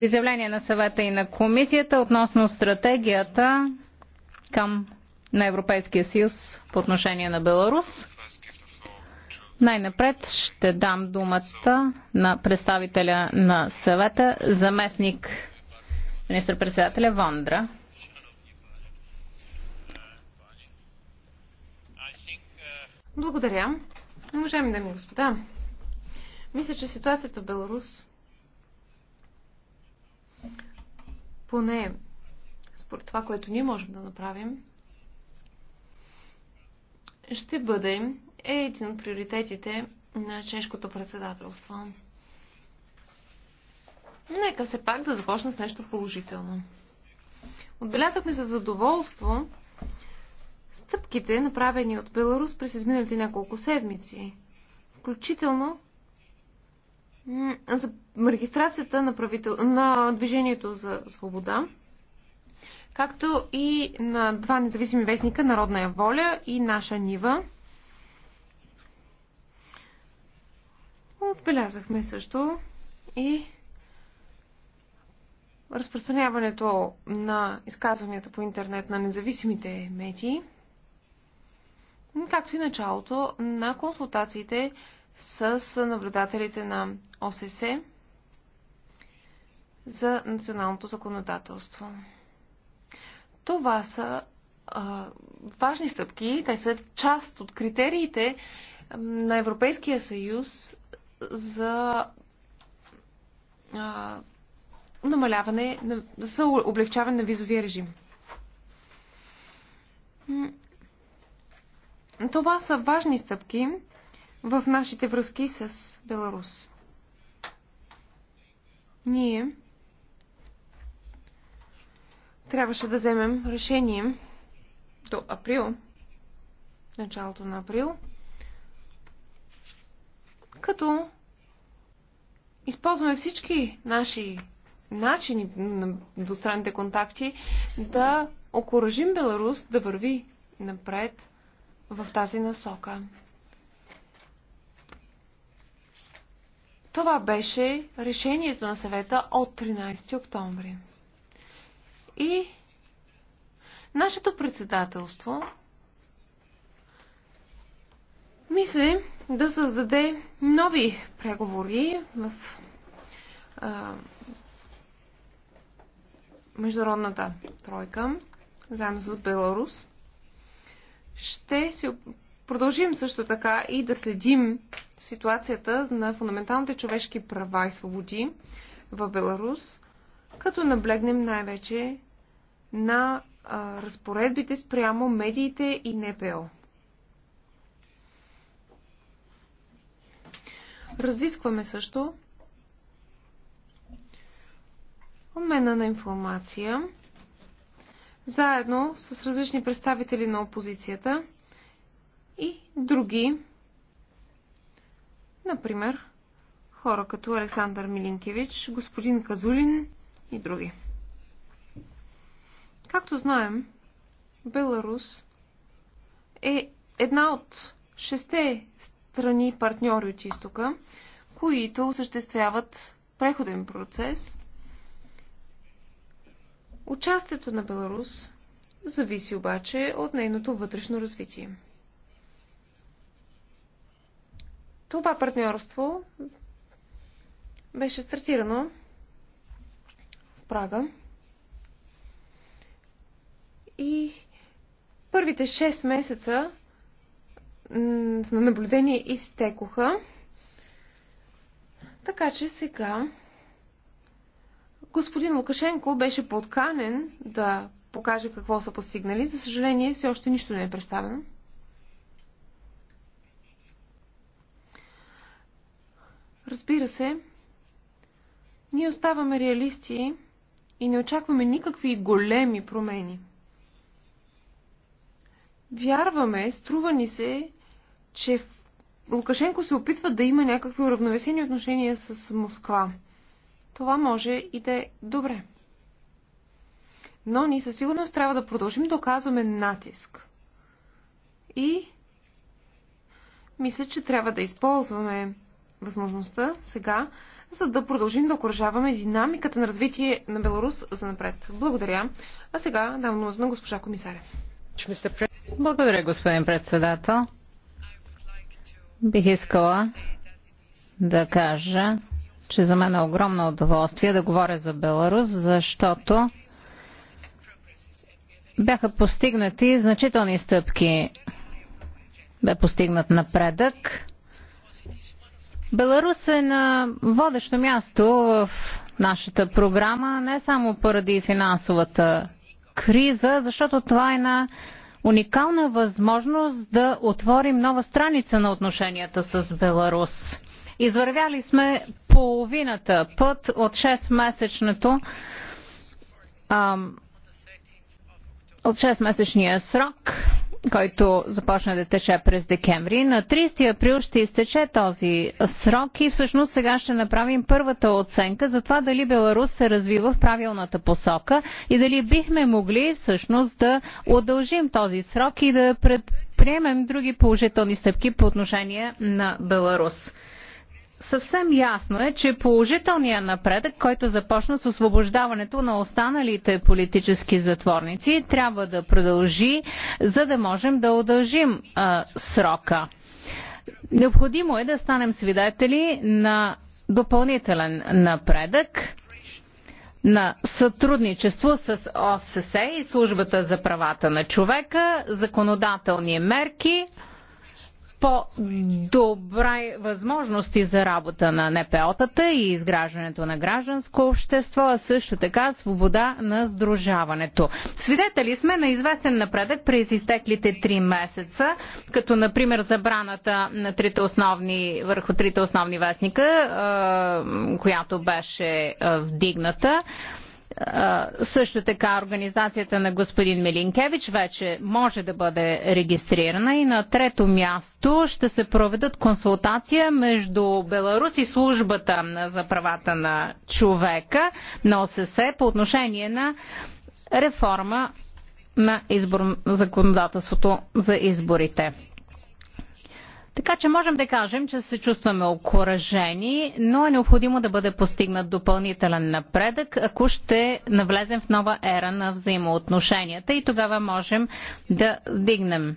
изявление на съвета и на комисията относно стратегията към на Европейския съюз по отношение на Беларус. Най-напред ще дам думата на представителя на съвета, заместник министър председателя Вондра. Благодаря. Уважаеми дами и господа, мисля, че ситуацията в Беларус поне според това, което ние можем да направим, ще бъде един от приоритетите на чешкото председателство. Нека се пак да започна с нещо положително. Отбелязахме с задоволство стъпките, направени от Беларус през изминалите няколко седмици, включително за регистрацията на, правител... на Движението за свобода, както и на два независими вестника Народна воля и Наша Нива. Отбелязахме също и разпространяването на изказванията по интернет на независимите медии, както и началото на консултациите с наблюдателите на ОСС за националното законодателство. Това са а, важни стъпки. Те са част от критериите на Европейския съюз за а, намаляване, за облегчаване на визовия режим. Това са важни стъпки, в нашите връзки с Беларус. Ние трябваше да вземем решение до април, началото на април, като използваме всички наши начини на двустранните контакти да окоръжим Беларус да върви напред в тази насока. Това беше решението на съвета от 13 октомври. И нашето председателство мисли да създаде нови преговори в а, международната тройка, заедно с Беларус. Ще се продължим също така и да следим ситуацията на фундаменталните човешки права и свободи в Беларус, като наблегнем най-вече на а, разпоредбите спрямо медиите и НПО. Разискваме също обмена на информация заедно с различни представители на опозицията – и други. Например, хора като Александър Милинкевич, господин Казулин и други. Както знаем, Беларус е една от шесте страни партньори от изтока, които осъществяват преходен процес. Участието на Беларус зависи обаче от нейното вътрешно развитие. Това партньорство беше стартирано в Прага и първите 6 месеца на наблюдение изтекоха. Така че сега господин Лукашенко беше подканен да покаже какво са постигнали. За съжаление, все още нищо не е представено. Разбира се, ние оставаме реалисти и не очакваме никакви големи промени. Вярваме, струва ни се, че Лукашенко се опитва да има някакви уравновесени отношения с Москва. Това може и да е добре. Но ние със сигурност трябва да продължим да оказваме натиск. И мисля, че трябва да използваме възможността сега, за да продължим да окоръжаваме динамиката на развитие на Беларус за напред. Благодаря. А сега дам нужда на госпожа комисаря. Благодаря, господин председател. Бих искала да кажа, че за мен е огромно удоволствие да говоря за Беларус, защото бяха постигнати значителни стъпки. Бе постигнат напредък Беларус е на водещо място в нашата програма, не само поради финансовата криза, защото това е на уникална възможност да отворим нова страница на отношенията с Беларус. Извървяли сме половината път от 6-месечното от 6-месечния срок който започна да тече през декември. На 30 април ще изтече този срок и всъщност сега ще направим първата оценка за това дали Беларус се развива в правилната посока и дали бихме могли всъщност да удължим този срок и да предприемем други положителни стъпки по отношение на Беларус съвсем ясно е, че положителният напредък, който започна с освобождаването на останалите политически затворници, трябва да продължи, за да можем да удължим а, срока. Необходимо е да станем свидетели на допълнителен напредък на сътрудничество с ОССЕ и Службата за правата на човека, законодателни мерки, по добри възможности за работа на НПО-тата и изграждането на гражданско общество, а също така свобода на сдружаването. Свидетели сме на известен напредък през изтеклите три месеца, като например забраната на трите основни, върху трите основни вестника, която беше вдигната също така организацията на господин Милинкевич вече може да бъде регистрирана и на трето място ще се проведат консултация между Беларус и службата за правата на човека на ОССЕ по отношение на реформа на избор... законодателството за изборите. Така че можем да кажем, че се чувстваме окоръжени, но е необходимо да бъде постигнат допълнителен напредък, ако ще навлезем в нова ера на взаимоотношенията и тогава можем да вдигнем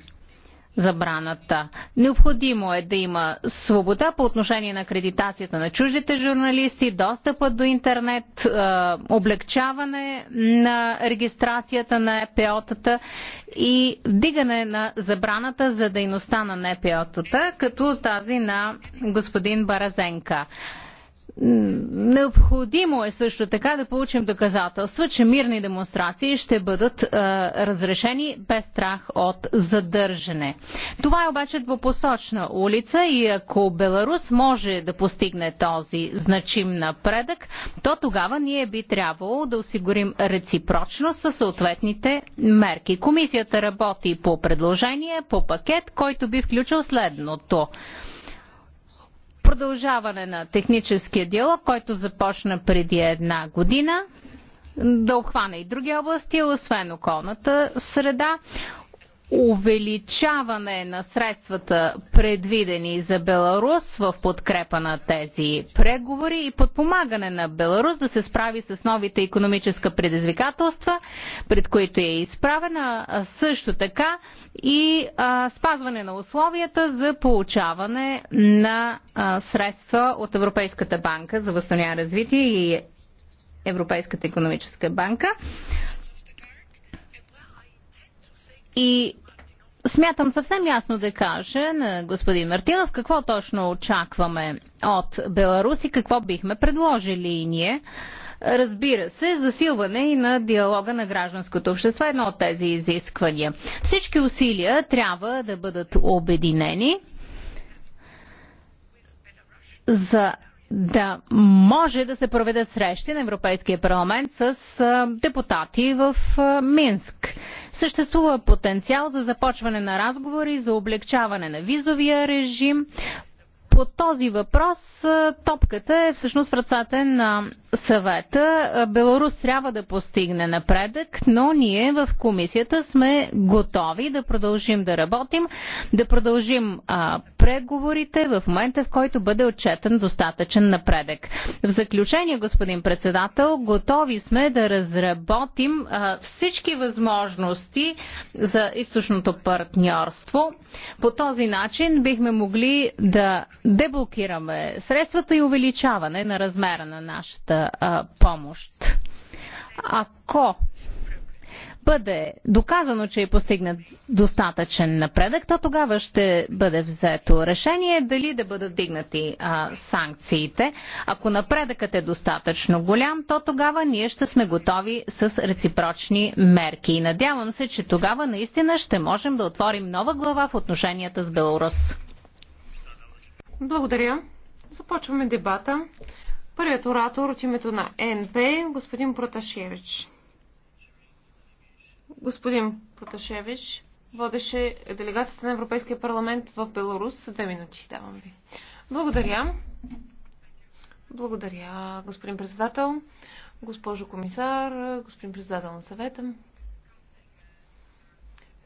забраната. Необходимо е да има свобода по отношение на акредитацията на чуждите журналисти, достъпа до интернет, е, облегчаване на регистрацията на НПО-тата и вдигане на забраната за дейността на НПО-тата, като тази на господин Баразенка. Необходимо е също така да получим доказателства, че мирни демонстрации ще бъдат е, разрешени без страх от задържане. Това е обаче двупосочна улица и ако Беларус може да постигне този значим напредък, то тогава ние би трябвало да осигурим реципрочност със съответните мерки. Комисията работи по предложение, по пакет, който би включил следното продължаване на техническия диалог, който започна преди една година, да обхване и други области, освен околната среда увеличаване на средствата предвидени за Беларус в подкрепа на тези преговори и подпомагане на Беларус да се справи с новите економическа предизвикателства, пред които е изправена също така и а, спазване на условията за получаване на а, средства от Европейската банка за възстановяване развитие и Европейската економическа банка. И смятам съвсем ясно да кажа на господин Мартинов какво точно очакваме от Беларус и какво бихме предложили ние. Разбира се, засилване и на диалога на гражданското общество е едно от тези изисквания. Всички усилия трябва да бъдат обединени за да може да се проведат срещи на Европейския парламент с депутати в Минск. Съществува потенциал за започване на разговори, за облегчаване на визовия режим. По този въпрос топката е всъщност в ръцете на съвета. Беларус трябва да постигне напредък, но ние в комисията сме готови да продължим да работим, да продължим а, преговорите в момента, в който бъде отчетен достатъчен напредък. В заключение, господин председател, готови сме да разработим а, всички възможности за източното партньорство. По този начин бихме могли да деблокираме средствата и увеличаване на размера на нашата а, помощ. Ако бъде доказано, че е постигнат достатъчен напредък, то тогава ще бъде взето решение дали да бъдат дигнати а, санкциите. Ако напредъкът е достатъчно голям, то тогава ние ще сме готови с реципрочни мерки. И надявам се, че тогава наистина ще можем да отворим нова глава в отношенията с Беларус. Благодаря. Започваме дебата. Първият оратор от името на НП, господин Проташевич. Господин Проташевич водеше делегацията на Европейския парламент в Беларус. Две минути давам ви. Благодаря. Благодаря, господин председател, госпожо комисар, господин председател на съвета.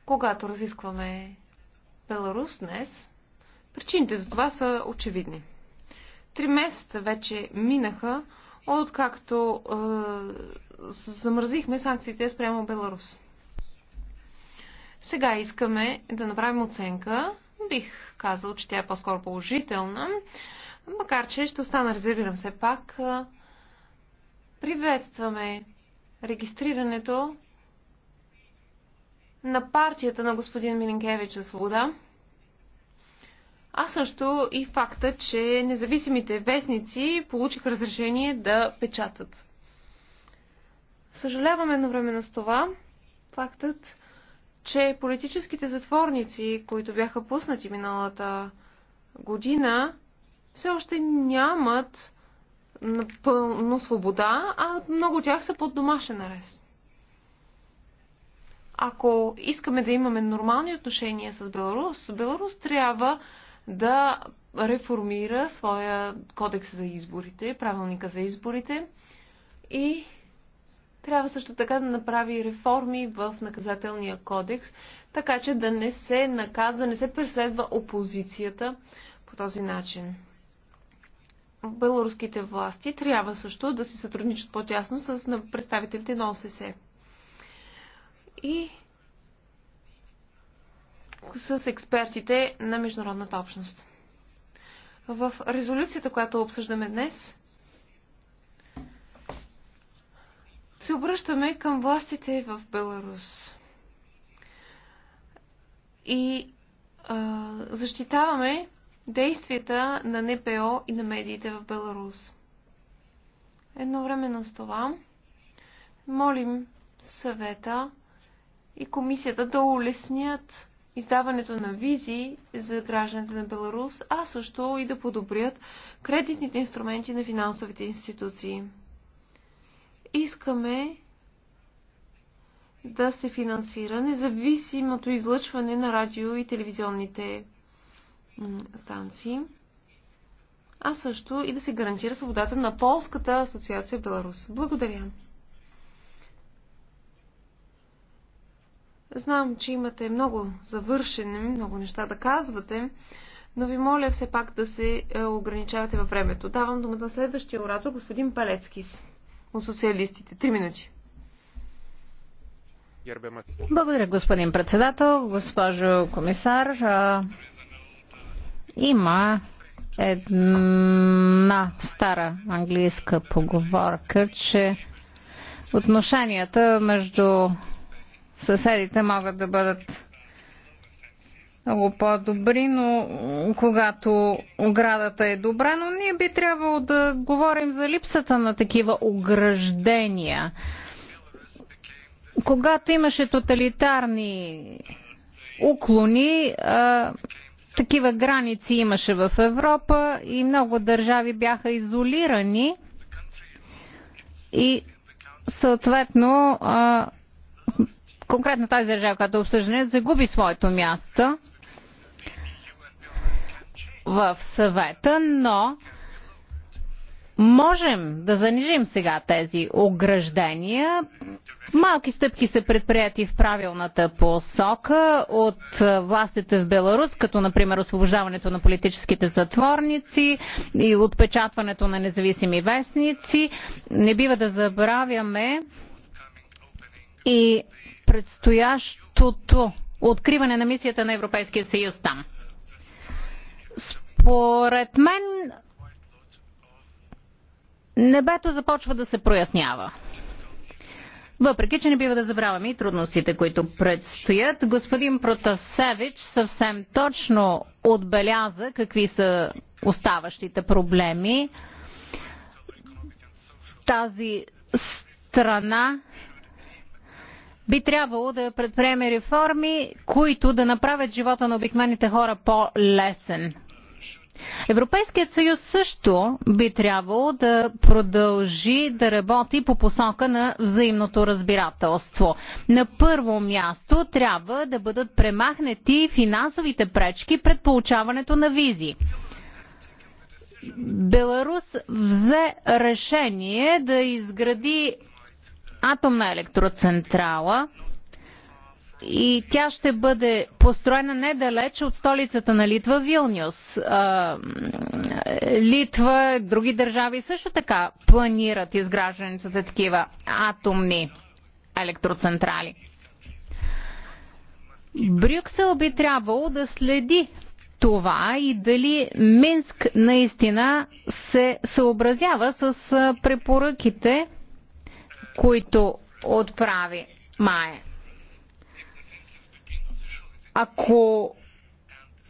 Когато разискваме Беларус днес, причините за това са очевидни. Три месеца вече минаха, откакто е, замразихме санкциите спрямо Беларус. Сега искаме да направим оценка. Бих казал, че тя е по-скоро положителна, макар че ще остана резервиран все пак. Приветстваме регистрирането на партията на господин Милинкевич за свобода, а също и факта, че независимите вестници получиха разрешение да печатат. Съжаляваме едновременно с това фактът, че политическите затворници, които бяха пуснати миналата година, все още нямат напълно свобода, а много от тях са под домашен арест. Ако искаме да имаме нормални отношения с Беларус, Беларус трябва да реформира своя кодекс за изборите, правилника за изборите и трябва също така да направи реформи в наказателния кодекс, така че да не се наказва, не се преследва опозицията по този начин. Белорусските власти трябва също да си сътрудничат по-тясно с представителите на ОССЕ. И с експертите на международната общност. В резолюцията, която обсъждаме днес, се обръщаме към властите в Беларус и а, защитаваме действията на НПО и на медиите в Беларус. Едновременно с това молим съвета и комисията да улеснят издаването на визи за гражданите на Беларус, а също и да подобрят кредитните инструменти на финансовите институции. Искаме да се финансира независимото излъчване на радио и телевизионните станции, а също и да се гарантира свободата на Полската асоциация Беларус. Благодаря. Знам, че имате много завършени, много неща да казвате, но ви моля все пак да се е, ограничавате във времето. Давам думата на следващия оратор, господин Палецкис от социалистите. Три минути. Благодаря, господин председател, госпожо комисар. Има една стара английска поговорка, че отношенията между съседите могат да бъдат много по-добри, но когато оградата е добра, но ние би трябвало да говорим за липсата на такива ограждения. Когато имаше тоталитарни уклони, а, такива граници имаше в Европа и много държави бяха изолирани и съответно а, конкретно тази държава, която е обсъждане, загуби своето място в съвета, но можем да занижим сега тези ограждения. Малки стъпки са предприяти в правилната посока от властите в Беларус, като например освобождаването на политическите затворници и отпечатването на независими вестници. Не бива да забравяме и предстоящото откриване на мисията на Европейския съюз там. Според мен небето започва да се прояснява. Въпреки, че не бива да забравяме и трудностите, които предстоят, господин Протасевич съвсем точно отбеляза какви са оставащите проблеми. Тази страна би трябвало да предприеме реформи, които да направят живота на обикновените хора по-лесен. Европейският съюз също би трябвало да продължи да работи по посока на взаимното разбирателство. На първо място трябва да бъдат премахнати финансовите пречки пред получаването на визи. Беларус взе решение да изгради атомна електроцентрала – и тя ще бъде построена недалеч от столицата на Литва, Вилнюс. Литва, други държави също така планират изграждането на такива атомни електроцентрали. Брюксел би трябвало да следи това и дали Минск наистина се съобразява с препоръките, които отправи Мае. Ако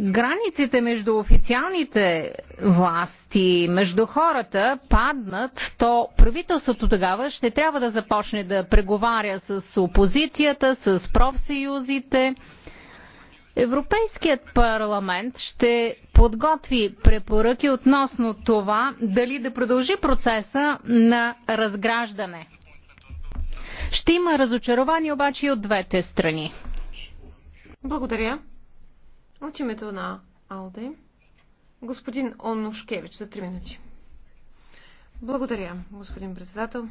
границите между официалните власти, между хората паднат, то правителството тогава ще трябва да започне да преговаря с опозицията, с профсъюзите. Европейският парламент ще подготви препоръки относно това дали да продължи процеса на разграждане. Ще има разочарование обаче и от двете страни. Благодаря. От името на Алде, господин Онушкевич за 3 минути. Благодаря, господин председател.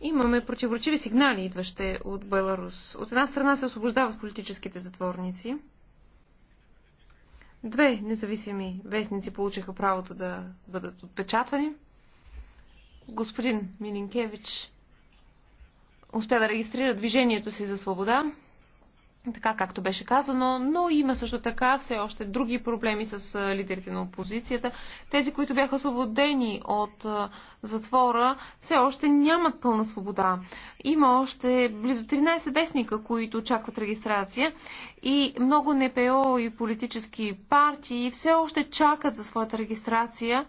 Имаме противоречиви сигнали, идващи от Беларус. От една страна се освобождават политическите затворници. Две независими вестници получиха правото да бъдат отпечатани. Господин Милинкевич успя да регистрира движението си за свобода, така както беше казано, но има също така все още други проблеми с лидерите на опозицията. Тези, които бяха освободени от затвора, все още нямат пълна свобода. Има още близо 13 вестника, които очакват регистрация и много НПО и политически партии все още чакат за своята регистрация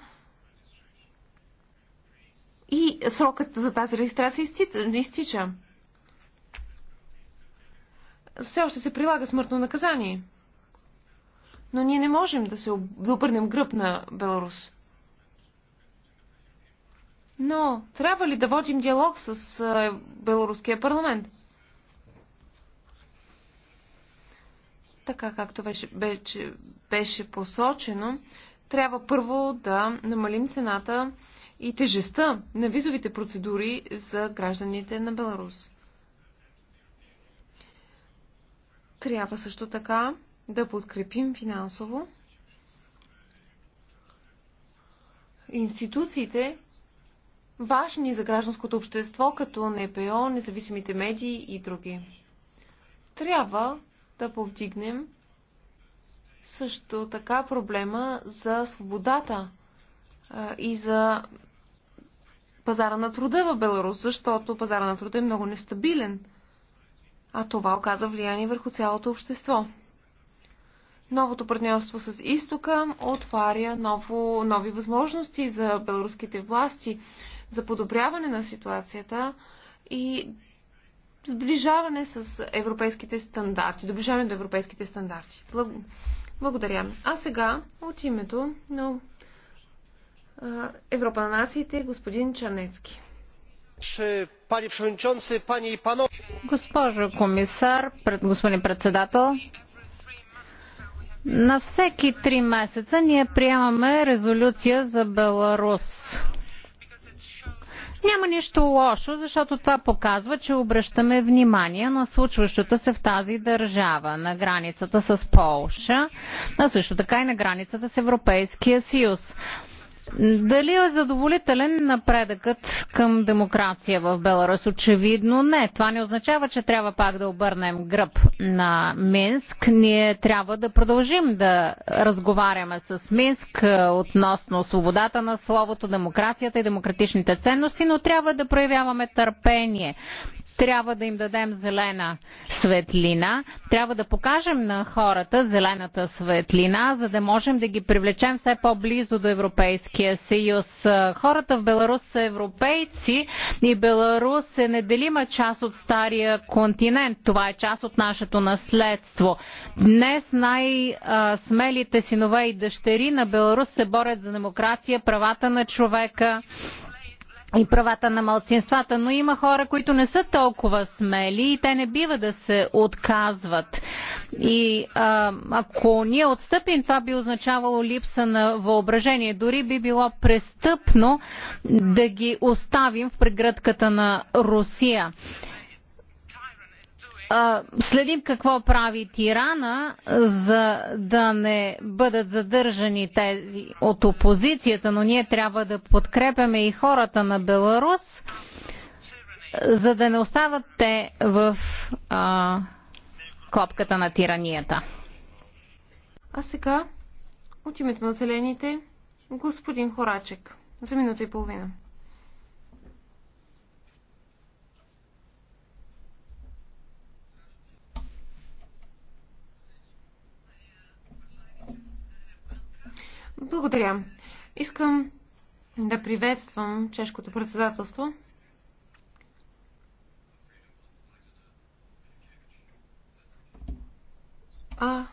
и срокът за тази регистрация не изтича. Все още се прилага смъртно наказание. Но ние не можем да се обърнем гръб на Беларус. Но трябва ли да водим диалог с Беларуския парламент? Така както беше, беше, беше посочено, трябва първо да намалим цената и тежестта на визовите процедури за гражданите на Беларус. Трябва също така да подкрепим финансово институциите, важни за гражданското общество, като НПО, независимите медии и други. Трябва да повдигнем също така проблема за свободата и за пазара на труда в Беларус, защото пазара на труда е много нестабилен. А това оказа влияние върху цялото общество. Новото партньорство с изтока отваря ново, нови възможности за беларуските власти за подобряване на ситуацията и сближаване с европейските стандарти, доближаване до европейските стандарти. Благодаря. А сега от името на Европа на нациите, господин Чернецки. Госпожо комисар, пред господин председател, на всеки три месеца ние приемаме резолюция за Беларус. Няма нищо лошо, защото това показва, че обръщаме внимание на случващото се в тази държава, на границата с Полша, а също така и на границата с Европейския съюз. Дали е задоволителен напредъкът към демокрация в Беларус? Очевидно не. Това не означава, че трябва пак да обърнем гръб на Минск. Ние трябва да продължим да разговаряме с Минск е, относно свободата на словото, демокрацията и демократичните ценности, но трябва да проявяваме търпение. Трябва да им дадем зелена светлина. Трябва да покажем на хората зелената светлина, за да можем да ги привлечем все по-близо до Европейския съюз. Хората в Беларус са европейци и Беларус е неделима част от стария континент. Това е част от нашето наследство. Днес най-смелите синове и дъщери на Беларус се борят за демокрация, правата на човека и правата на малцинствата, но има хора, които не са толкова смели и те не бива да се отказват. И а, ако ние отстъпим, това би означавало липса на въображение. Дори би било престъпно да ги оставим в прегръдката на Русия следим какво прави Тирана, за да не бъдат задържани тези от опозицията, но ние трябва да подкрепяме и хората на Беларус, за да не остават те в а, клопката на тиранията. А сега, от името на зелените, господин Хорачек, за минута и половина. Благодаря. Искам да приветствам чешкото председателство. А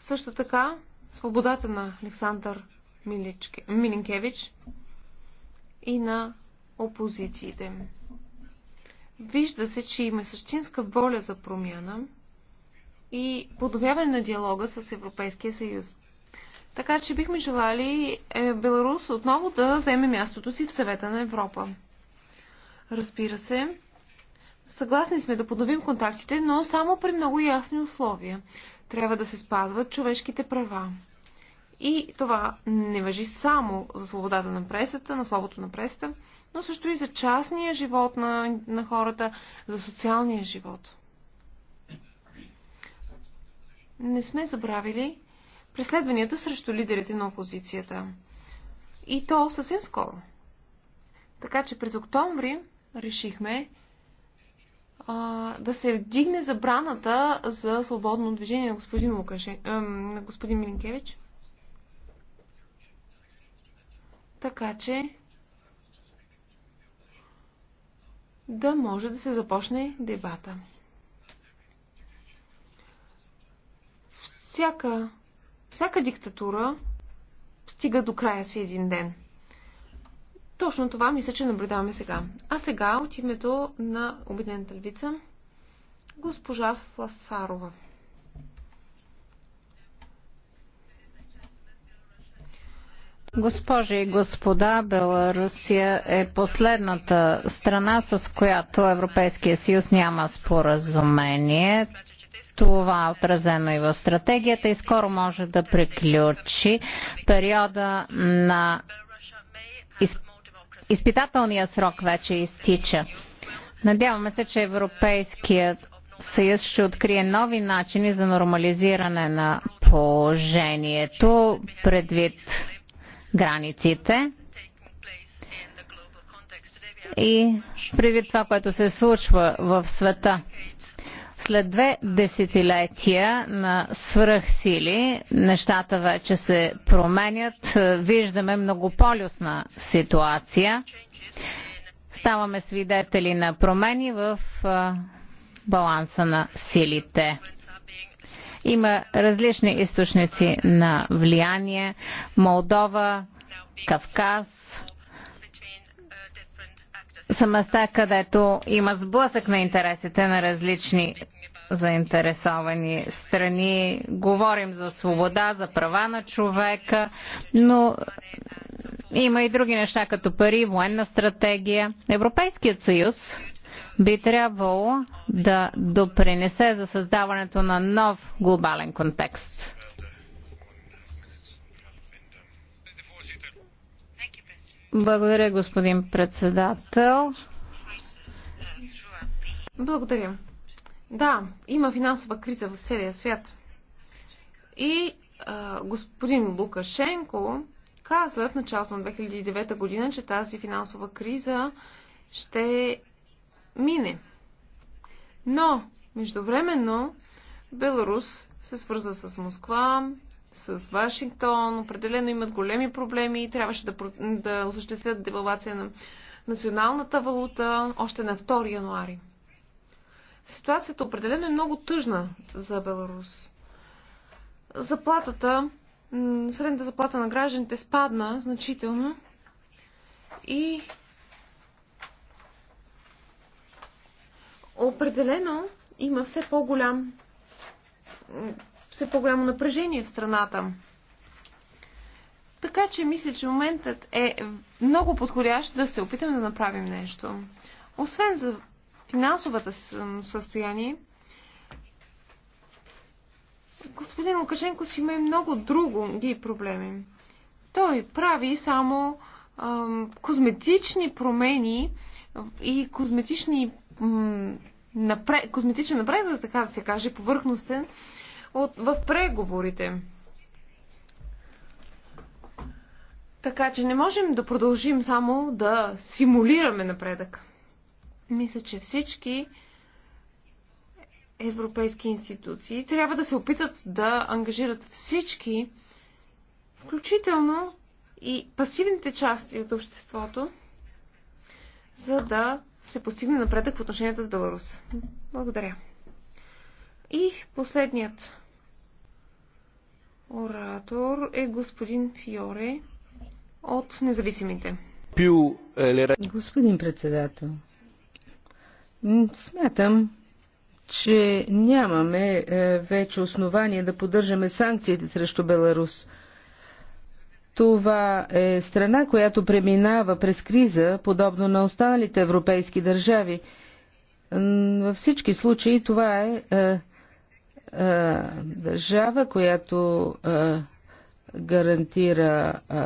също така свободата на Александър Милинкевич и на опозициите. Вижда се, че има същинска воля за промяна и подобяване на диалога с Европейския съюз. Така че бихме желали е, Беларус отново да вземе мястото си в съвета на Европа. Разбира се, съгласни сме да подновим контактите, но само при много ясни условия. Трябва да се спазват човешките права. И това не въжи само за свободата на пресата, на словото на пресата, но също и за частния живот на, на хората, за социалния живот. Не сме забравили, преследванията срещу лидерите на опозицията. И то съвсем скоро. Така че през октомври решихме а, да се вдигне забраната за свободно движение на господин, Лукаше, а, на господин Милинкевич. Така че да може да се започне дебата. Всяка всяка диктатура стига до края си един ден. Точно това мисля, че наблюдаваме сега. А сега от името на Обединената львица госпожа Фласарова. Госпожи и господа, Беларусия е последната страна, с която Европейския съюз няма споразумение. Това е отразено и в стратегията и скоро може да приключи периода на изпитателния срок вече изтича. Надяваме се, че Европейският съюз ще открие нови начини за нормализиране на положението предвид границите и предвид това, което се случва в света след две десетилетия на свръхсили нещата вече се променят. Виждаме многополюсна ситуация. Ставаме свидетели на промени в баланса на силите. Има различни източници на влияние. Молдова, Кавказ, са места, където има сблъсък на интересите на различни заинтересовани страни. Говорим за свобода, за права на човека, но има и други неща, като пари, военна стратегия. Европейският съюз би трябвало да допринесе за създаването на нов глобален контекст. Благодаря, господин председател. Благодаря. Да, има финансова криза в целия свят. И а, господин Лукашенко каза в началото на 2009 година, че тази финансова криза ще мине. Но, междувременно, Беларус се свърза с Москва, с Вашингтон. Определено имат големи проблеми и трябваше да, да осъществят девалвация на националната валута още на 2 януари. Ситуацията определено е много тъжна за Беларус. Заплатата, средната заплата на гражданите спадна значително и определено има все по-голям все по-голямо напрежение в страната. Така че мисля, че моментът е много подходящ да се опитаме да направим нещо. Освен за финансовата състояние, господин Лукашенко си има и много други проблеми. Той прави само ам, козметични промени и козметични, м, напред, козметичен напредък, така да се каже, повърхностен, от, в преговорите. Така че не можем да продължим само да симулираме напредък. Мисля, че всички европейски институции трябва да се опитат да ангажират всички, включително и пасивните части от обществото, за да се постигне напредък в отношенията с Беларус. Благодаря. И последният оратор е господин Фиоре от Независимите. Е, господин председател, смятам, че нямаме е, вече основание да поддържаме санкциите срещу Беларус. Това е страна, която преминава през криза, подобно на останалите европейски държави. Във всички случаи това е, е е, държава, която е, гарантира е,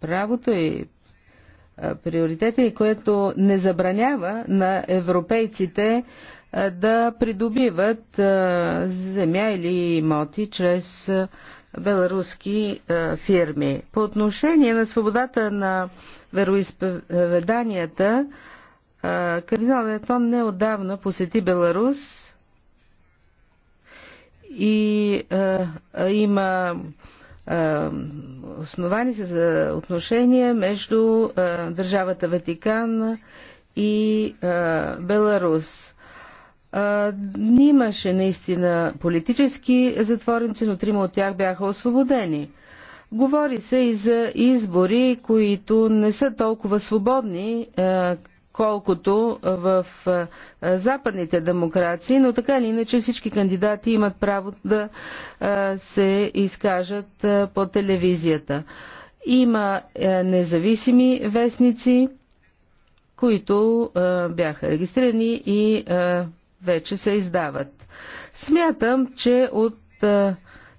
правото и приоритета и което не забранява на европейците да придобиват земя или имоти чрез беларуски фирми. По отношение на свободата на вероисповеданията, кардинал Етон неодавна посети Беларус и а, е, е, има а, е, основани се за отношения между а, държавата Ватикан и а, Беларус. А, имаше наистина политически затворници, но трима от тях бяха освободени. Говори се и за избори, които не са толкова свободни, а, колкото в западните демокрации, но така или иначе всички кандидати имат право да се изкажат по телевизията. Има независими вестници, които бяха регистрирани и вече се издават. Смятам, че от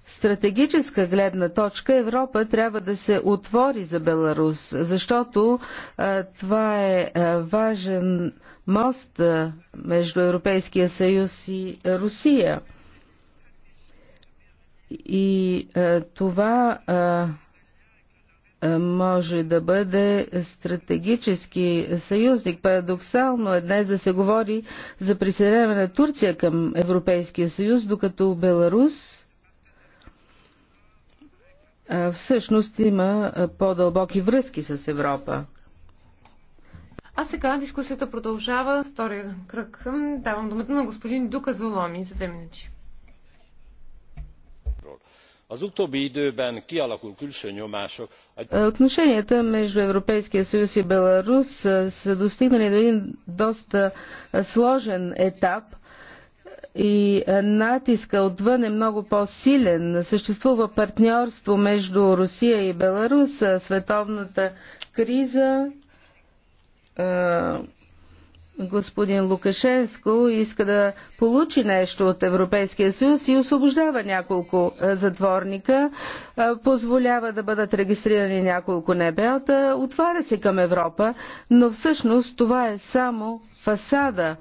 стратегическа гледна точка Европа трябва да се отвори за Беларус, защото а, това е а, важен мост а, между Европейския съюз и Русия. И а, това а, може да бъде стратегически съюзник. Парадоксално е днес да се говори за присъединяване на Турция към Европейския съюз, докато Беларус всъщност има по-дълбоки връзки с Европа. А сега дискусията продължава. Втория кръг. Давам думата на господин Дука Золоми за две минути. Отношенията между Европейския съюз и Беларус са достигнали до един доста сложен етап – и е, натиска отвън е много по-силен. Съществува партньорство между Русия и Беларус, е, световната криза. Е, господин Лукашенско иска да получи нещо от Европейския съюз и освобождава няколко затворника, позволява да бъдат регистрирани няколко небелта, отваря се към Европа, но всъщност това е само фасада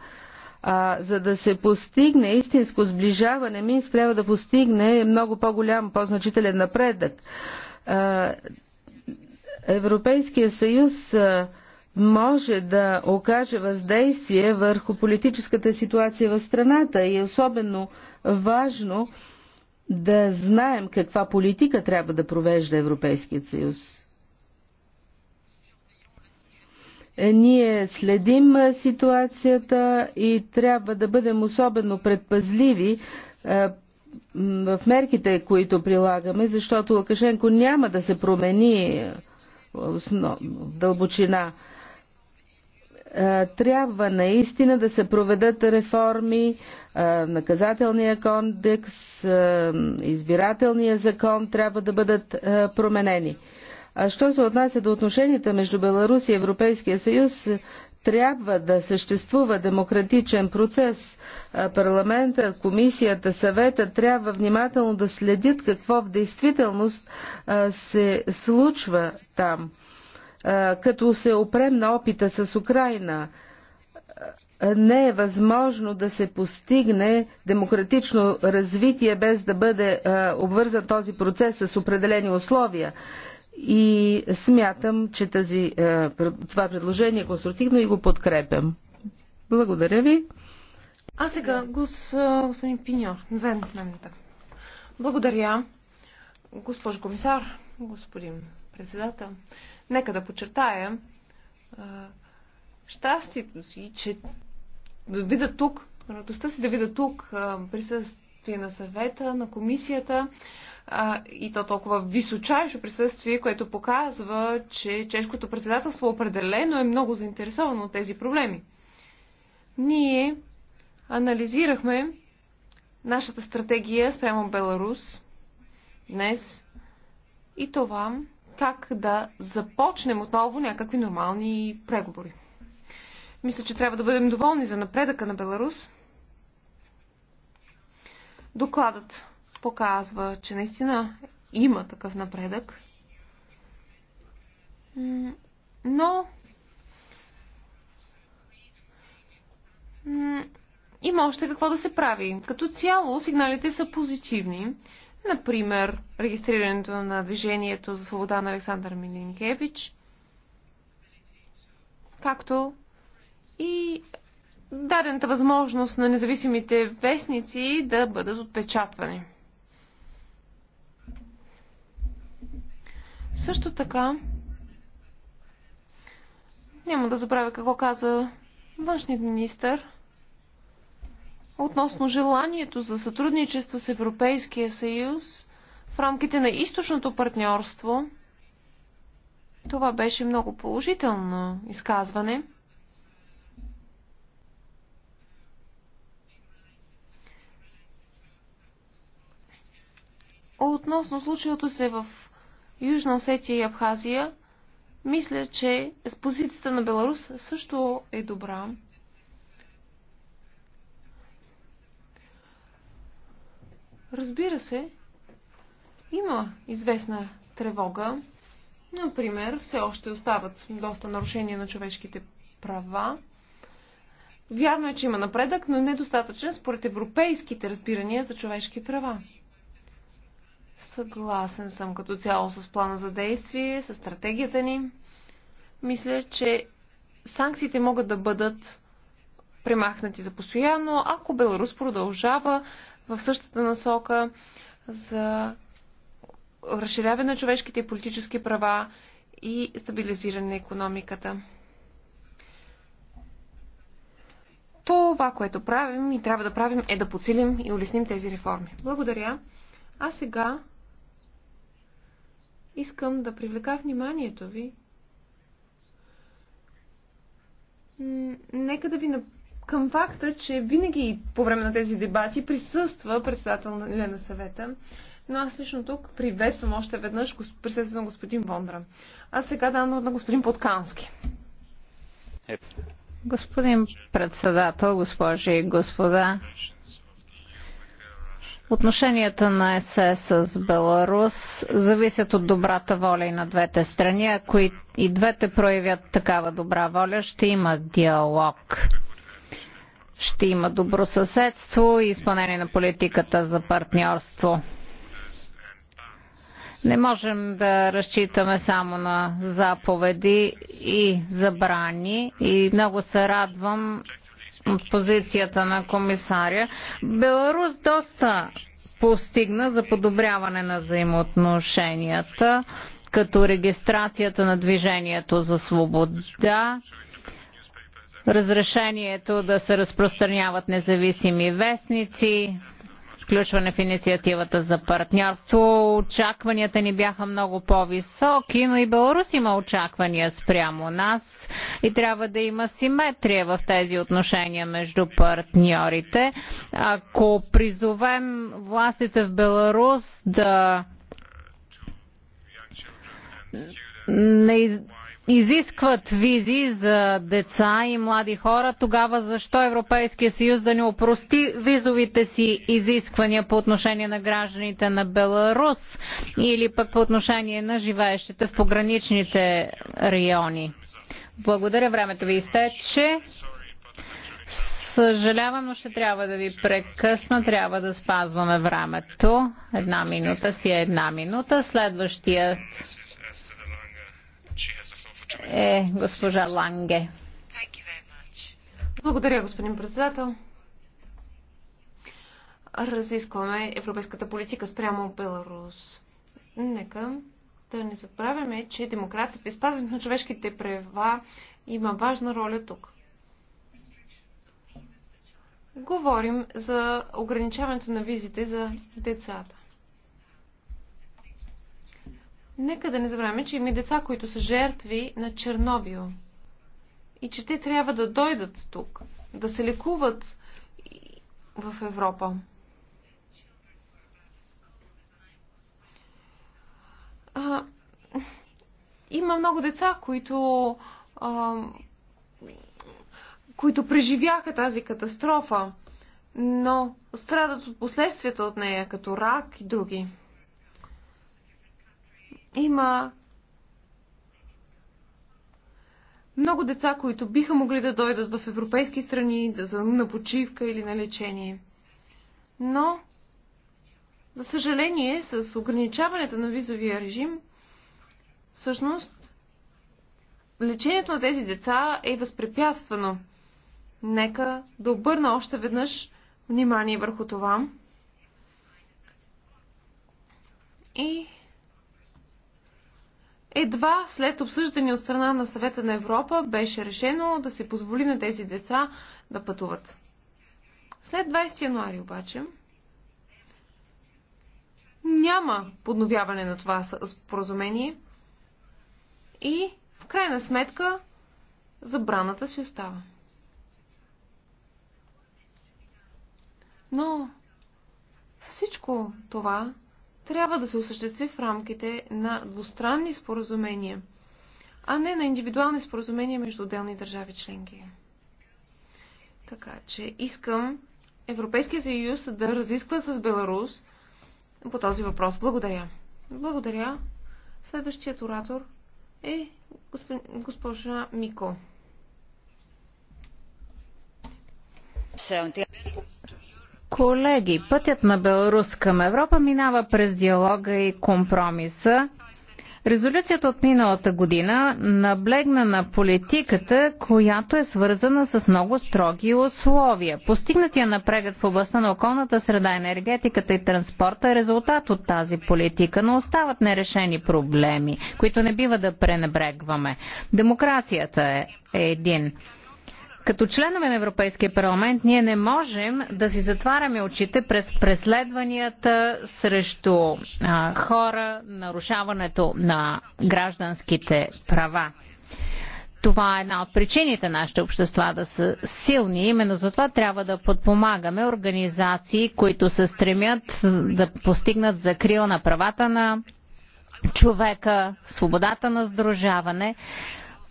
а, за да се постигне истинско сближаване, Минск трябва да постигне много по-голям, по-значителен напредък. А, Европейския съюз може да окаже въздействие върху политическата ситуация в страната и е особено важно да знаем каква политика трябва да провежда Европейският съюз. Е, ние следим е, ситуацията и трябва да бъдем особено предпазливи е, в мерките, които прилагаме, защото Лукашенко няма да се промени в дълбочина. Трябва наистина да се проведат реформи, наказателния кондекс, избирателния закон трябва да бъдат променени. А що се отнася до отношенията между Беларус и Европейския съюз, трябва да съществува демократичен процес. Парламента, комисията, съвета трябва внимателно да следят какво в действителност се случва там. Като се опрем на опита с Украина, не е възможно да се постигне демократично развитие без да бъде обвързан този процес с определени условия. И смятам, че тази, е, това предложение е конструктивно и го подкрепям. Благодаря ви. А сега, гос, е, господин Пиньор, заедно с намета. Благодаря, госпожо комисар, господин председател. Нека да подчертая е, щастието си, че да видя тук, радостта си да видя тук присъствие на съвета, на комисията, а, и то толкова височайшо присъствие, което показва, че чешкото председателство определено е много заинтересовано от тези проблеми. Ние анализирахме нашата стратегия спрямо Беларус днес и това как да започнем отново някакви нормални преговори. Мисля, че трябва да бъдем доволни за напредъка на Беларус. Докладът показва, че наистина има такъв напредък. Но има още какво да се прави. Като цяло сигналите са позитивни. Например, регистрирането на движението за свобода на Александър Милинкевич, както и дадената възможност на независимите вестници да бъдат отпечатвани. Също така, няма да забравя какво каза външният министр относно желанието за сътрудничество с Европейския съюз в рамките на източното партньорство. Това беше много положително изказване. Относно случилото се в Южна Осетия и Абхазия, мисля, че с позицията на Беларус също е добра. Разбира се, има известна тревога. Например, все още остават доста нарушения на човешките права. Вярно е, че има напредък, но е недостатъчен според европейските разбирания за човешки права. Съгласен съм като цяло с плана за действие, с стратегията ни. Мисля, че санкциите могат да бъдат премахнати за постоянно, ако Беларус продължава в същата насока за разширяване на човешките и политически права и стабилизиране на економиката. Това, което правим и трябва да правим е да подсилим и улесним тези реформи. Благодаря. А сега искам да привлека вниманието ви. Нека да ви на към факта, че винаги по време на тези дебати присъства председател на съвета, но аз лично тук приветствам още веднъж присъствието на господин Вондра. А сега дам на господин Подкански. Господин председател, госпожи и господа, Отношенията на СС с Беларус зависят от добрата воля и на двете страни. Ако и, и двете проявят такава добра воля, ще има диалог. Ще има добро съседство и изпълнение на политиката за партньорство. Не можем да разчитаме само на заповеди и забрани и много се радвам, позицията на комисаря. Беларус доста постигна за подобряване на взаимоотношенията, като регистрацията на движението за свобода, разрешението да се разпространяват независими вестници, включване в инициативата за партньорство. Очакванията ни бяха много по-високи, но и Беларус има очаквания спрямо нас и трябва да има симетрия в тези отношения между партньорите. Ако призовем властите в Беларус да не изискват визи за деца и млади хора, тогава защо Европейския съюз да не опрости визовите си изисквания по отношение на гражданите на Беларус или пък по отношение на живеещите в пограничните райони? Благодаря, времето ви изтече. Съжалявам, но ще трябва да ви прекъсна. Трябва да спазваме времето. Една минута си е една минута. Следващия е госпожа Ланге. Благодаря, господин председател. Разискваме европейската политика спрямо Беларус. Нека да не забравяме, че демокрацията и спазването на човешките права има важна роля тук. Говорим за ограничаването на визите за децата. Нека да не забравяме, че има и деца, които са жертви на Чернобил. И че те трябва да дойдат тук, да се лекуват в Европа. А, има много деца, които, а, които преживяха тази катастрофа, но страдат от последствията от нея, като рак и други. Има много деца, които биха могли да дойдат в европейски страни, да за на почивка или на лечение. Но, за съжаление, с ограничаването на визовия режим, всъщност, лечението на тези деца е възпрепятствано. Нека да обърна още веднъж внимание върху това. И едва след обсъждане от страна на съвета на Европа беше решено да се позволи на тези деца да пътуват. След 20 януари обаче няма подновяване на това споразумение и в крайна сметка забраната си остава. Но всичко това трябва да се осъществи в рамките на двустранни споразумения, а не на индивидуални споразумения между отделни държави членки. Така че искам Европейския съюз да разисква с Беларус по този въпрос. Благодаря. Благодаря. Следващият оратор е госпожа Мико. Колеги, пътят на Беларус към Европа минава през диалога и компромиса. Резолюцията от миналата година наблегна на политиката, която е свързана с много строги условия. Постигнатия напрегът в областта на околната среда, енергетиката и транспорта е резултат от тази политика, но остават нерешени проблеми, които не бива да пренебрегваме. Демокрацията е един. Като членове на Европейския парламент ние не можем да си затваряме очите през преследванията срещу а, хора, нарушаването на гражданските права. Това е една от причините нашите общества да са силни. Именно за това трябва да подпомагаме организации, които се стремят да постигнат закрил на правата на човека, свободата на сдружаване.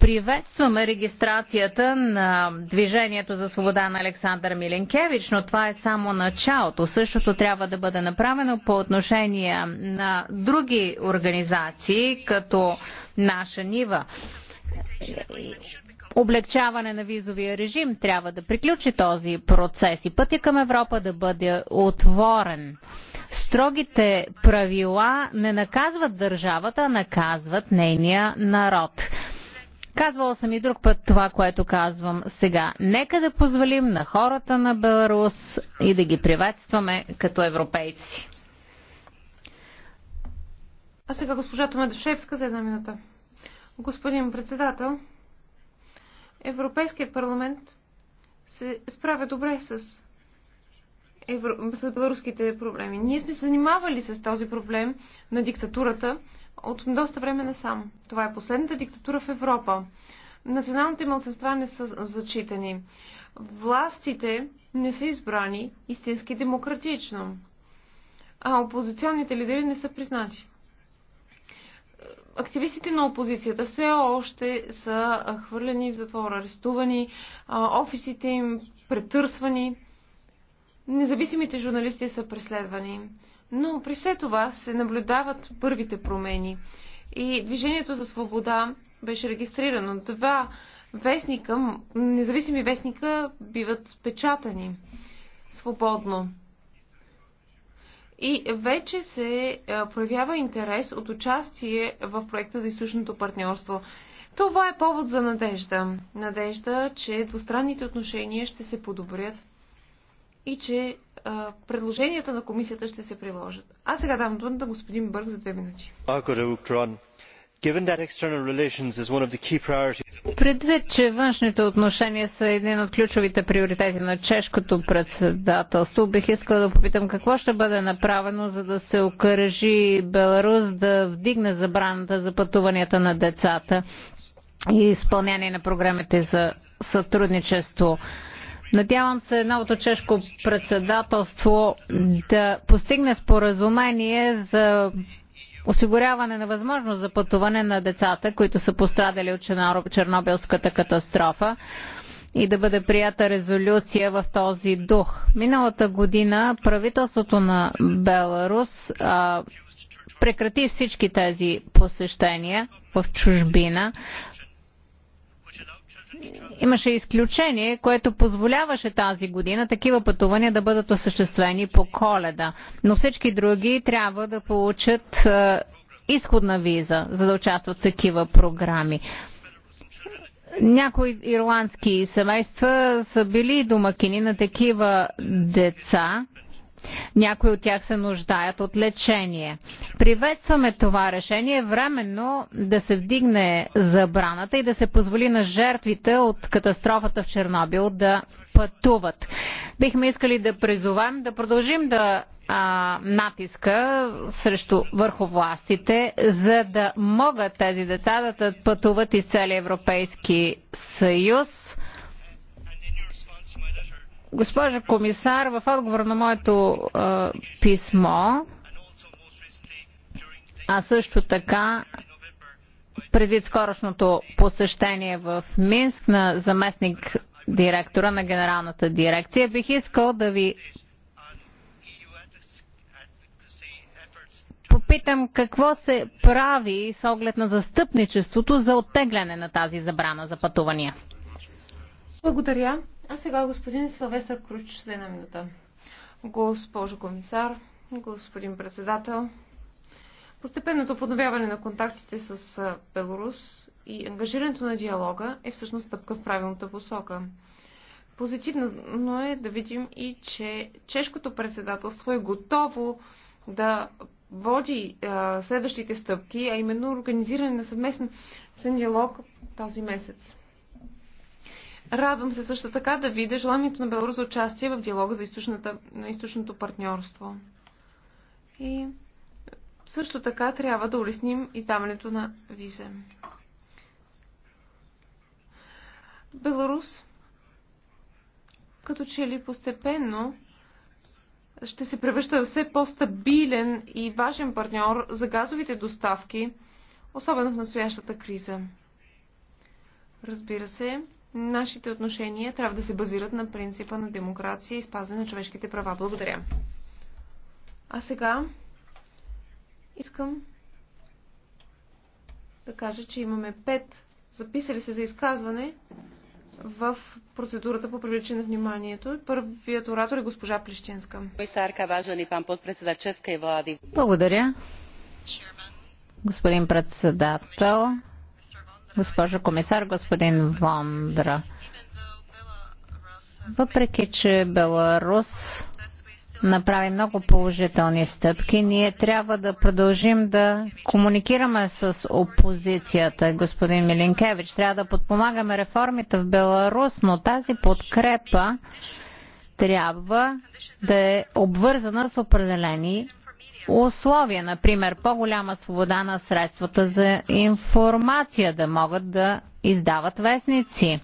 Приветстваме регистрацията на Движението за свобода на Александър Миленкевич, но това е само началото. Същото трябва да бъде направено по отношение на други организации, като наша нива облегчаване на визовия режим трябва да приключи този процес и пътя към Европа да бъде отворен. Строгите правила не наказват държавата, а наказват нейния народ. Казвала съм и друг път това, което казвам сега. Нека да позволим на хората на Беларус и да ги приветстваме като европейци. А сега госпожа Томедушевска за една минута. Господин председател, Европейският парламент се справя добре с, евро... с беларуските проблеми. Ние сме се занимавали с този проблем на диктатурата от доста време не сам. Това е последната диктатура в Европа. Националните мълценства не са зачитани. Властите не са избрани истински демократично, а опозиционните лидери не са признати. Активистите на опозицията все още са хвърлени в затвора, арестувани, офисите им претърсвани, независимите журналисти са преследвани. Но при все това се наблюдават първите промени. И Движението за свобода беше регистрирано. Два вестника, независими вестника, биват печатани свободно. И вече се проявява интерес от участие в проекта за източното партньорство. Това е повод за надежда. Надежда, че двустранните отношения ще се подобрят и че а, предложенията на комисията ще се приложат. А сега давам думата на господин Бърг за две минути. Предвид, че външните отношения са един от ключовите приоритети на чешкото председателство, бих искала да попитам какво ще бъде направено, за да се окоръжи Беларус да вдигне забраната за пътуванията на децата и изпълнение на програмите за сътрудничество. Надявам се новото чешко председателство да постигне споразумение за осигуряване на възможност за пътуване на децата, които са пострадали от Чернобилската катастрофа и да бъде прията резолюция в този дух. Миналата година правителството на Беларус а, прекрати всички тези посещения в чужбина, имаше изключение, което позволяваше тази година такива пътувания да бъдат осъществени по коледа. Но всички други трябва да получат е, изходна виза, за да участват в такива програми. Някои ирландски семейства са били домакини на такива деца, някои от тях се нуждаят от лечение. Приветстваме това решение временно да се вдигне забраната и да се позволи на жертвите от катастрофата в Чернобил да пътуват. Бихме искали да призовем да продължим да а, натиска срещу върху властите, за да могат тези деца да пътуват из целия Европейски съюз Госпожа комисар, в отговор на моето а, писмо, а също така преди скорошното посещение в Минск на заместник директора на генералната дирекция, бих искал да ви попитам какво се прави с оглед на застъпничеството за оттегляне на тази забрана за пътувания. Благодаря. А сега господин Силвестър Круч за една минута. Госпожо комисар, господин председател, постепенното подновяване на контактите с Беларус и ангажирането на диалога е всъщност стъпка в правилната посока. Позитивно е да видим и, че чешкото председателство е готово да води а, следващите стъпки, а именно организиране на съвместен диалог този месец. Радвам се също така да видя желанието на Беларус за участие в диалога за на източното партньорство. И също така трябва да улесним издаването на визе. Беларус като че ли постепенно ще се превръща в все по-стабилен и важен партньор за газовите доставки, особено в настоящата криза. Разбира се, нашите отношения трябва да се базират на принципа на демокрация и спазване на човешките права. Благодаря. А сега искам да кажа, че имаме пет записали се за изказване в процедурата по привличане на вниманието. Първият оратор е госпожа Плещинска. Благодаря. Господин председател, госпожо комисар, господин Вондра. Въпреки, че Беларус направи много положителни стъпки, ние трябва да продължим да комуникираме с опозицията, господин Милинкевич. Трябва да подпомагаме реформите в Беларус, но тази подкрепа трябва да е обвързана с определени условия, например по-голяма свобода на средствата за информация, да могат да издават вестници.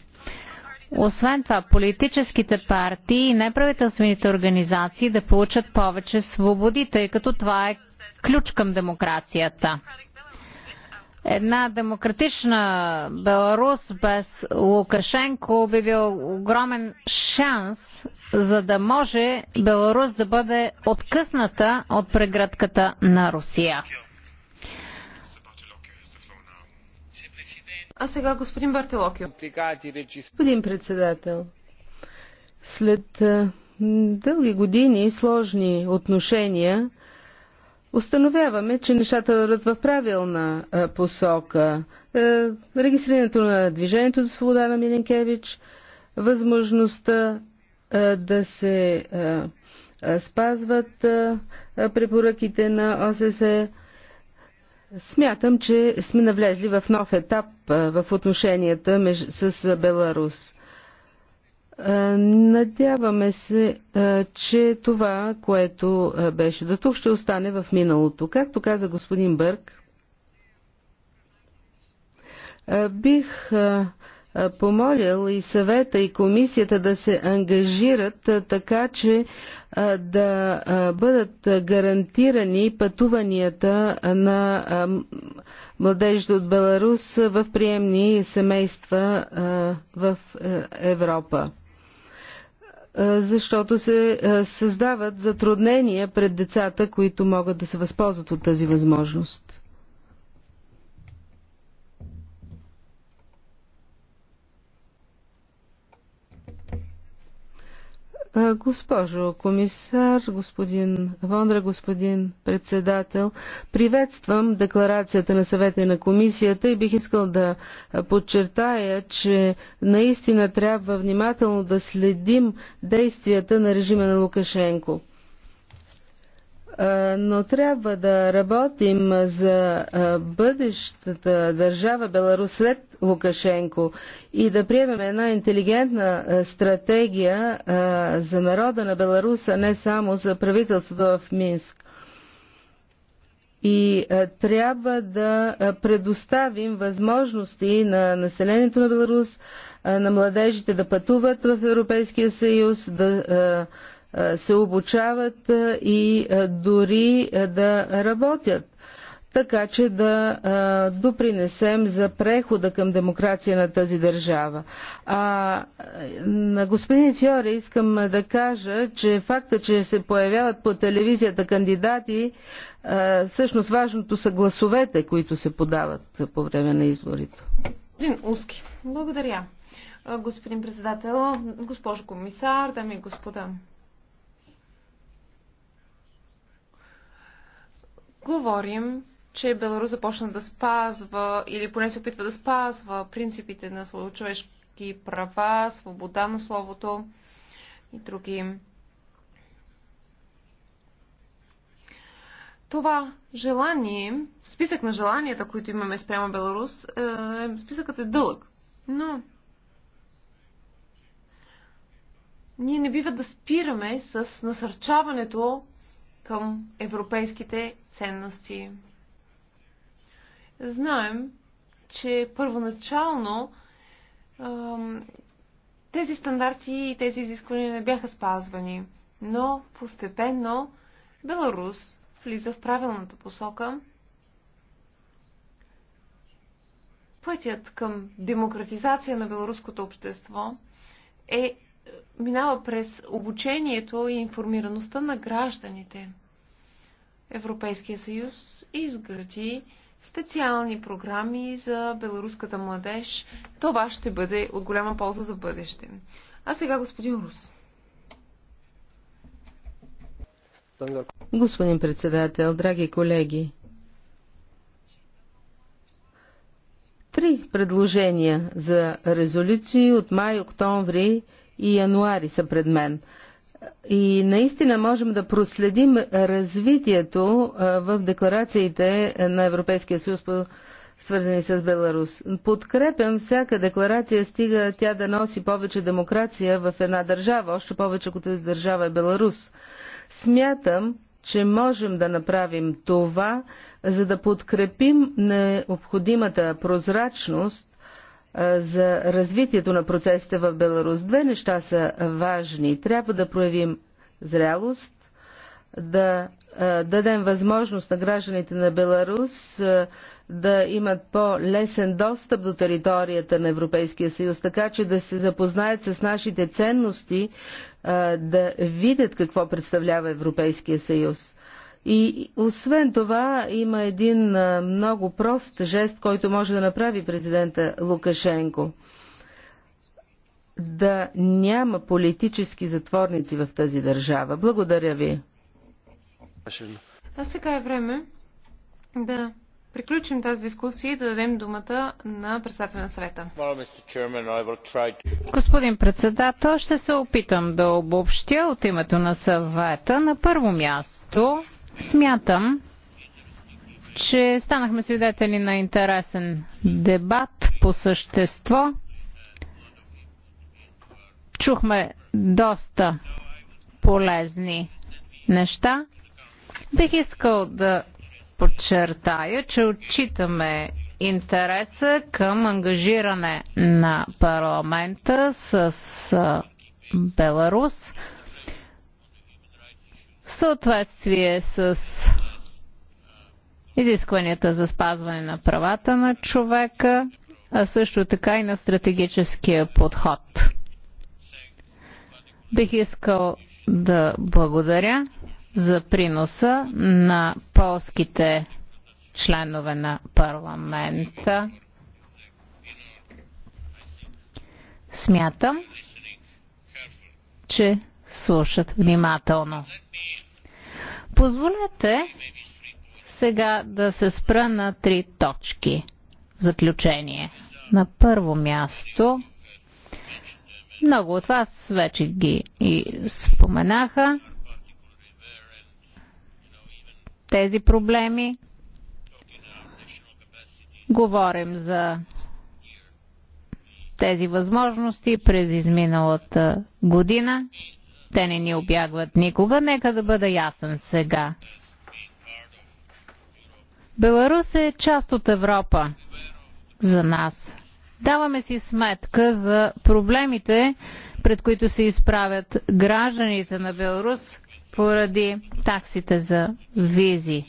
Освен това, политическите партии и неправителствените организации да получат повече свободи, тъй като това е ключ към демокрацията една демократична Беларус без Лукашенко би бил огромен шанс, за да може Беларус да бъде откъсната от преградката на Русия. А сега господин Бартилокио. Господин председател, след дълги години сложни отношения Установяваме, че нещата върват в правилна посока. Е, регистрирането на Движението за свобода на Миленкевич, възможността да се спазват препоръките на ОССЕ. Смятам, че сме навлезли в нов етап в отношенията с Беларус. Е, надяваме се, е, че това, което е, беше до тук, ще остане в миналото. Както каза господин Бърк, бих помолил и съвета и комисията да се ангажират така, че да бъдат гарантирани пътуванията на младежите от Беларус в приемни семейства в Европа защото се създават затруднения пред децата, които могат да се възползват от тази възможност. Госпожо комисар, господин Вондра, господин председател, приветствам декларацията на съвета и на комисията и бих искал да подчертая, че наистина трябва внимателно да следим действията на режима на Лукашенко но трябва да работим за бъдещата държава Беларус след Лукашенко и да приемем една интелигентна стратегия за народа на Беларус, а не само за правителството в Минск. И трябва да предоставим възможности на населението на Беларус, на младежите да пътуват в Европейския съюз, да е, се обучават е, и е, дори да работят, така че да допринесем за прехода към демокрация на тази държава. А на господин Фьоре искам да кажа, че факта, че се появяват по телевизията кандидати, всъщност важното са гласовете, които се подават по време на изборите. Господин Уски, благодаря. Господин председател, госпожо комисар, дами и господа. Говорим, че Беларус започна да спазва или поне се опитва да спазва принципите на човешки права, свобода на словото и други. Това желание, списък на желанията, които имаме спрямо Беларус, е, списъкът е дълъг. Но ние не бива да спираме с насърчаването към европейските ценности. Знаем, че първоначално тези стандарти и тези изисквания не бяха спазвани, но постепенно Беларус влиза в правилната посока. Пътят към демократизация на беларуското общество е минава през обучението и информираността на гражданите – Европейския съюз изгради специални програми за беларуската младеж. Това ще бъде от голяма полза за бъдеще. А сега господин Рус. Господин председател, драги колеги, три предложения за резолюции от май, октомври и януари са пред мен. И наистина можем да проследим развитието в декларациите на Европейския съюз, свързани с Беларус. Подкрепям всяка декларация, стига тя да носи повече демокрация в една държава, още повече като тази държава е Беларус. Смятам, че можем да направим това, за да подкрепим необходимата прозрачност за развитието на процесите в Беларус. Две неща са важни. Трябва да проявим зрелост, да дадем възможност на гражданите на Беларус да имат по-лесен достъп до територията на Европейския съюз, така че да се запознаят с нашите ценности, да видят какво представлява Европейския съюз. И освен това има един много прост жест, който може да направи президента Лукашенко. Да няма политически затворници в тази държава. Благодаря ви. А сега е време да приключим тази дискусия и да дадем думата на председателя на съвета. Господин председател, ще се опитам да обобщя от името на съвета. На първо място Смятам, че станахме свидетели на интересен дебат по същество. Чухме доста полезни неща. Бих искал да подчертая, че отчитаме интереса към ангажиране на парламента с Беларус в съответствие с изискванията за спазване на правата на човека, а също така и на стратегическия подход. Бих искал да благодаря за приноса на полските членове на парламента. Смятам, че слушат внимателно. Позволете сега да се спра на три точки заключение. На първо място, много от вас вече ги и споменаха тези проблеми. Говорим за тези възможности през изминалата година. Те не ни обягват никога. Нека да бъда ясен сега. Беларус е част от Европа за нас. Даваме си сметка за проблемите, пред които се изправят гражданите на Беларус поради таксите за визи.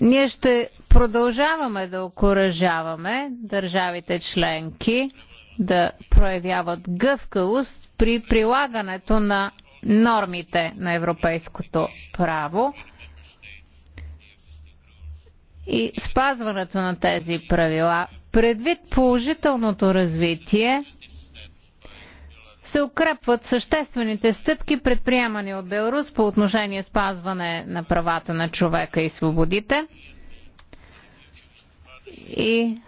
Ние ще продължаваме да окоръжаваме държавите членки да проявяват гъвкавост при прилагането на нормите на европейското право и спазването на тези правила. Предвид положителното развитие, се укрепват съществените стъпки, предприемани от Беларус по отношение спазване на правата на човека и свободите. И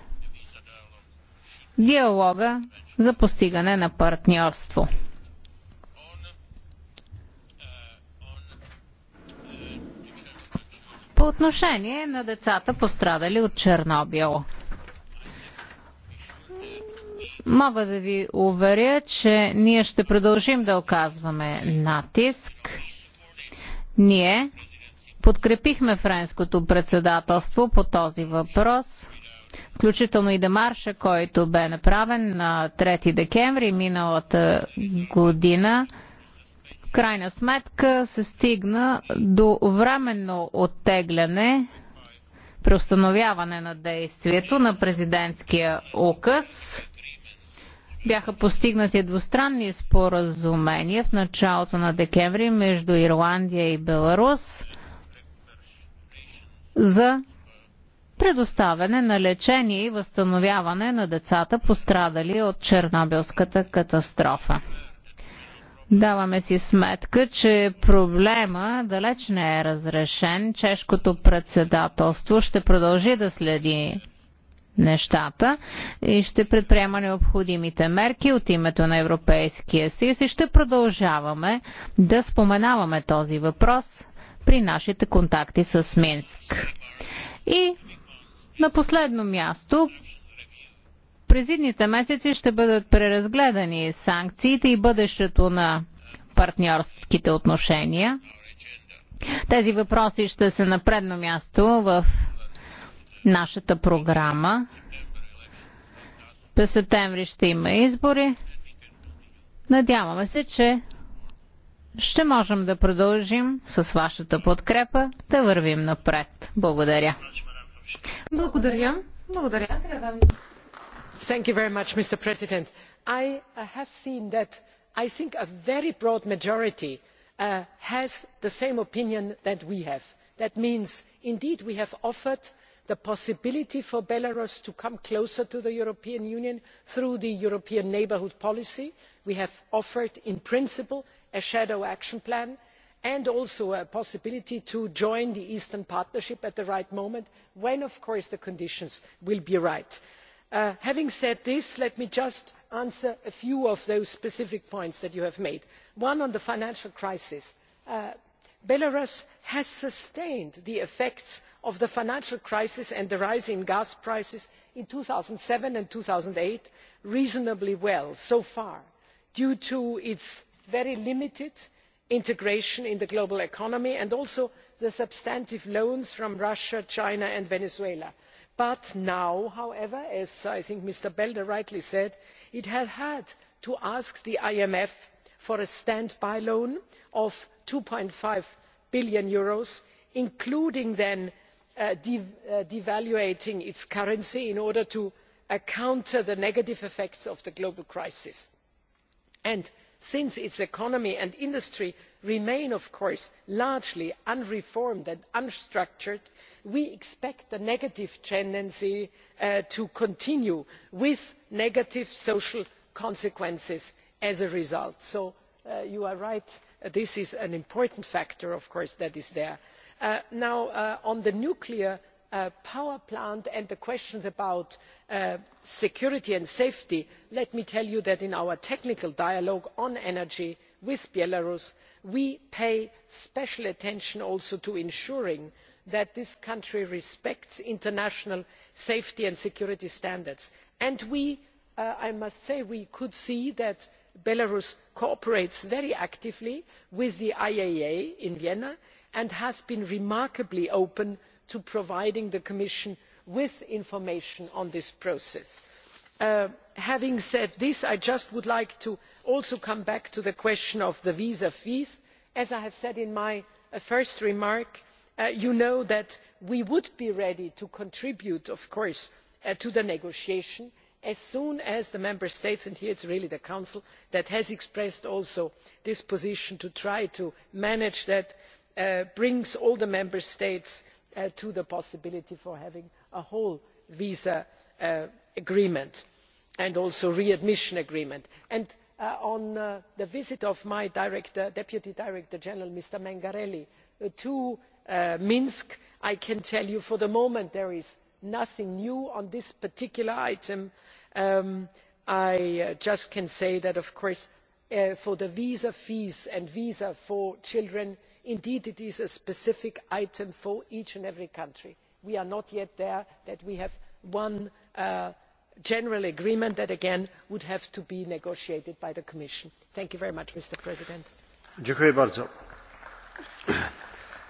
диалога за постигане на партньорство. По отношение на децата пострадали от Чернобил. Мога да ви уверя, че ние ще продължим да оказваме натиск. Ние подкрепихме френското председателство по този въпрос включително и демарша, който бе направен на 3 декември миналата година. В крайна сметка се стигна до временно оттегляне, преустановяване на действието на президентския указ бяха постигнати двустранни споразумения в началото на декември между Ирландия и Беларус за предоставяне на лечение и възстановяване на децата пострадали от Чернобилската катастрофа. Даваме си сметка, че проблема далеч не е разрешен. Чешкото председателство ще продължи да следи нещата и ще предприема необходимите мерки от името на Европейския съюз и ще продължаваме да споменаваме този въпрос при нашите контакти с Минск. И на последно място, през идните месеци ще бъдат преразгледани санкциите и бъдещето на партньорските отношения. Тези въпроси ще са на предно място в нашата програма. През септември ще има избори. Надяваме се, че ще можем да продължим с вашата подкрепа да вървим напред. Благодаря. Mr. President. I have seen that I think a very broad majority has the same opinion that we have. That means, indeed, we have offered the possibility for belarus to come closer to the european union through the european neighbourhood policy. we have offered in principle a shadow action plan and also a possibility to join the eastern partnership at the right moment when of course the conditions will be right. having said this let me just answer a few of those specific points that you have made. one on the financial crisis belarus has sustained the effects of the financial crisis and the rise in gas prices in two thousand and seven and two thousand and eight reasonably well so far due to its very limited integration in the global economy and also the substantive loans from russia china and venezuela. but now however as i think mr belder rightly said it has had to ask the imf for a standby loan of eur. two five billion including then devaluing its currency in order to counter the negative effects of the global crisis since its economy and industry remain largely unreformed and unstructured we expect the negative tendency to continue with negative social consequences as a result. so you are right this is an important factor that is there. now on the nuclear power plant and the questions about security and safety let me tell you that in our technical dialogue on energy with belarus we pay special attention also to ensuring that this country respects international safety and security standards and i must say we could see that belarus cooperates very actively with the iaea in vienna and has been remarkably open to providing the commission with information on this process. having said this i would like to come back to the question of the visa fees. as i said in my first remark you know that we would be ready to contribute to the negotiation as soon as the member states and here it is really the council that has expressed this position to try to manage that brings all the member states to the possibility of having a whole visa agreement and also a readmission agreement. on the visit of my deputy director general mr mangarelli to minsk i can tell you that for the moment there is nothing new on this particular item. i just can say that of course for the visa fees and visas for children indeed it is a specific item for each and every country. we are not yet there that we have one general agreement that again would have to be negotiated by the commission. thank you very much mr president.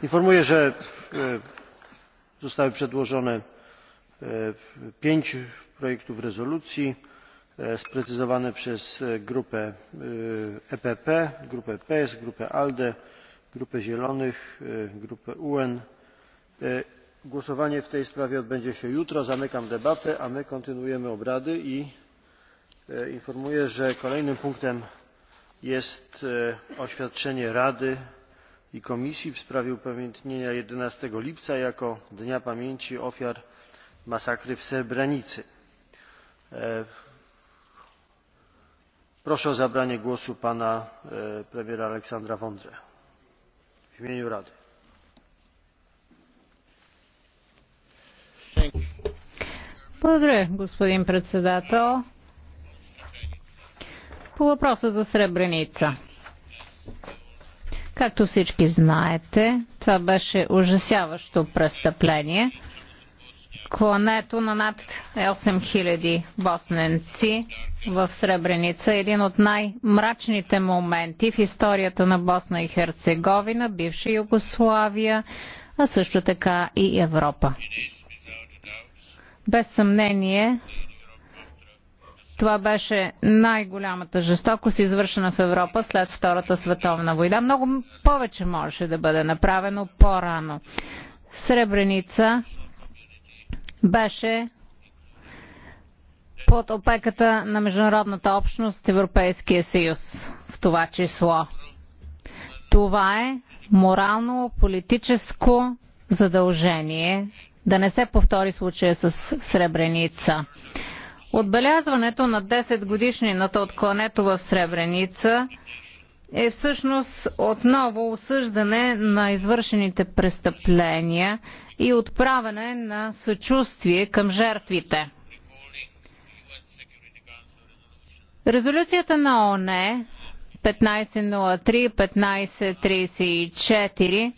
informuję że zostało przedłożonych pięć projektów rezolucji sprecyzowanych przez grupę ppe grupę pes grupę alde grupę zielonych grupę uen. głosowanie w tej sprawie odbędzie się jutro. zamykam debatę a my kontynuujemy obrady i informuję że kolejnym punktem jest oświadczenie rady i komisji w sprawie upamiętnienia jedenaście lipca jako dnia pamięci ofiar masakry w srebrenicy. proszę o zabranie głosu pana premiera aleksandra vondrę imieniu rady. Благодаря, господин председател. По въпроса за Сребреница. Както всички знаете, това беше ужасяващо престъпление клането на над 8000 босненци в Сребреница. Един от най-мрачните моменти в историята на Босна и Херцеговина, бивша Югославия, а също така и Европа. Без съмнение, това беше най-голямата жестокост, извършена в Европа след Втората световна война. Много повече можеше да бъде направено по-рано. Сребреница беше под опеката на международната общност Европейския съюз в това число. Това е морално-политическо задължение да не се повтори случая с Сребреница. Отбелязването на 10 годишнината от клането в Сребреница е всъщност отново осъждане на извършените престъпления и отправяне на съчувствие към жертвите. Резолюцията на ОНЕ 1503-1534